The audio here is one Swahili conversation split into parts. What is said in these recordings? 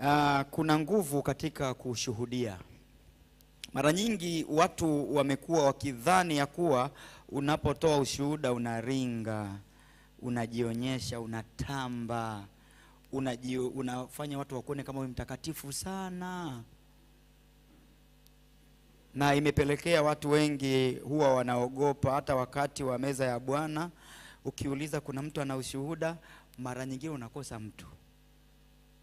Uh, kuna nguvu katika kushuhudia. Mara nyingi watu wamekuwa wakidhani ya kuwa unapotoa ushuhuda unaringa, unajionyesha, unatamba, unaji, unafanya watu wakuone kama wewe mtakatifu sana, na imepelekea watu wengi huwa wanaogopa hata wakati wa meza ya Bwana. Ukiuliza kuna mtu ana ushuhuda, mara nyingine unakosa mtu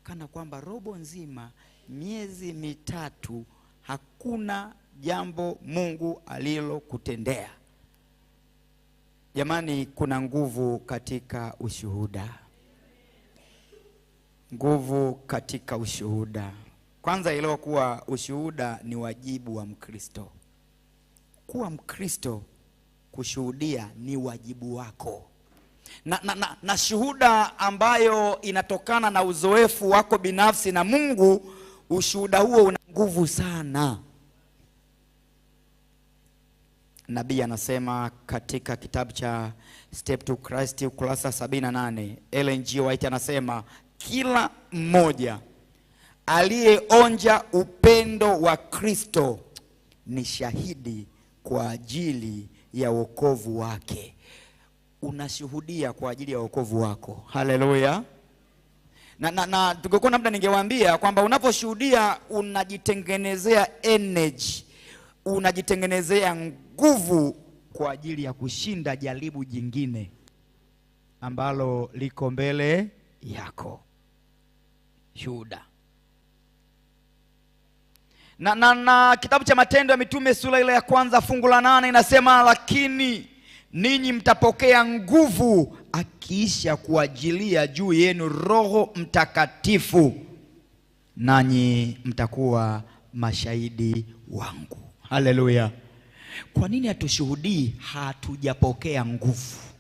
kana kwamba robo nzima, miezi mitatu, hakuna jambo Mungu alilokutendea. Jamani, kuna nguvu katika ushuhuda, nguvu katika ushuhuda. Kwanza kuwa ushuhuda ni wajibu wa Mkristo. Kuwa Mkristo, kushuhudia ni wajibu wako na, na, na, na shuhuda ambayo inatokana na uzoefu wako binafsi na Mungu, ushuhuda huo una nguvu sana. Nabii anasema katika kitabu cha Step to Christ ukurasa 78, Ellen G. White anasema kila mmoja aliyeonja upendo wa Kristo ni shahidi kwa ajili ya wokovu wake unashuhudia kwa ajili ya wokovu wako. Haleluya! na, na, na tungekuwa labda ningewaambia kwamba unaposhuhudia unajitengenezea energy, unajitengenezea nguvu kwa ajili ya kushinda jaribu jingine ambalo liko mbele yako. Shuhuda na, na, na kitabu cha Matendo ya Mitume sura ile ya kwanza fungu la nane inasema lakini ninyi mtapokea nguvu akiisha kuajilia juu yenu Roho Mtakatifu, nanyi mtakuwa mashahidi wangu. Haleluya! Kwa nini hatushuhudii hatujapokea nguvu?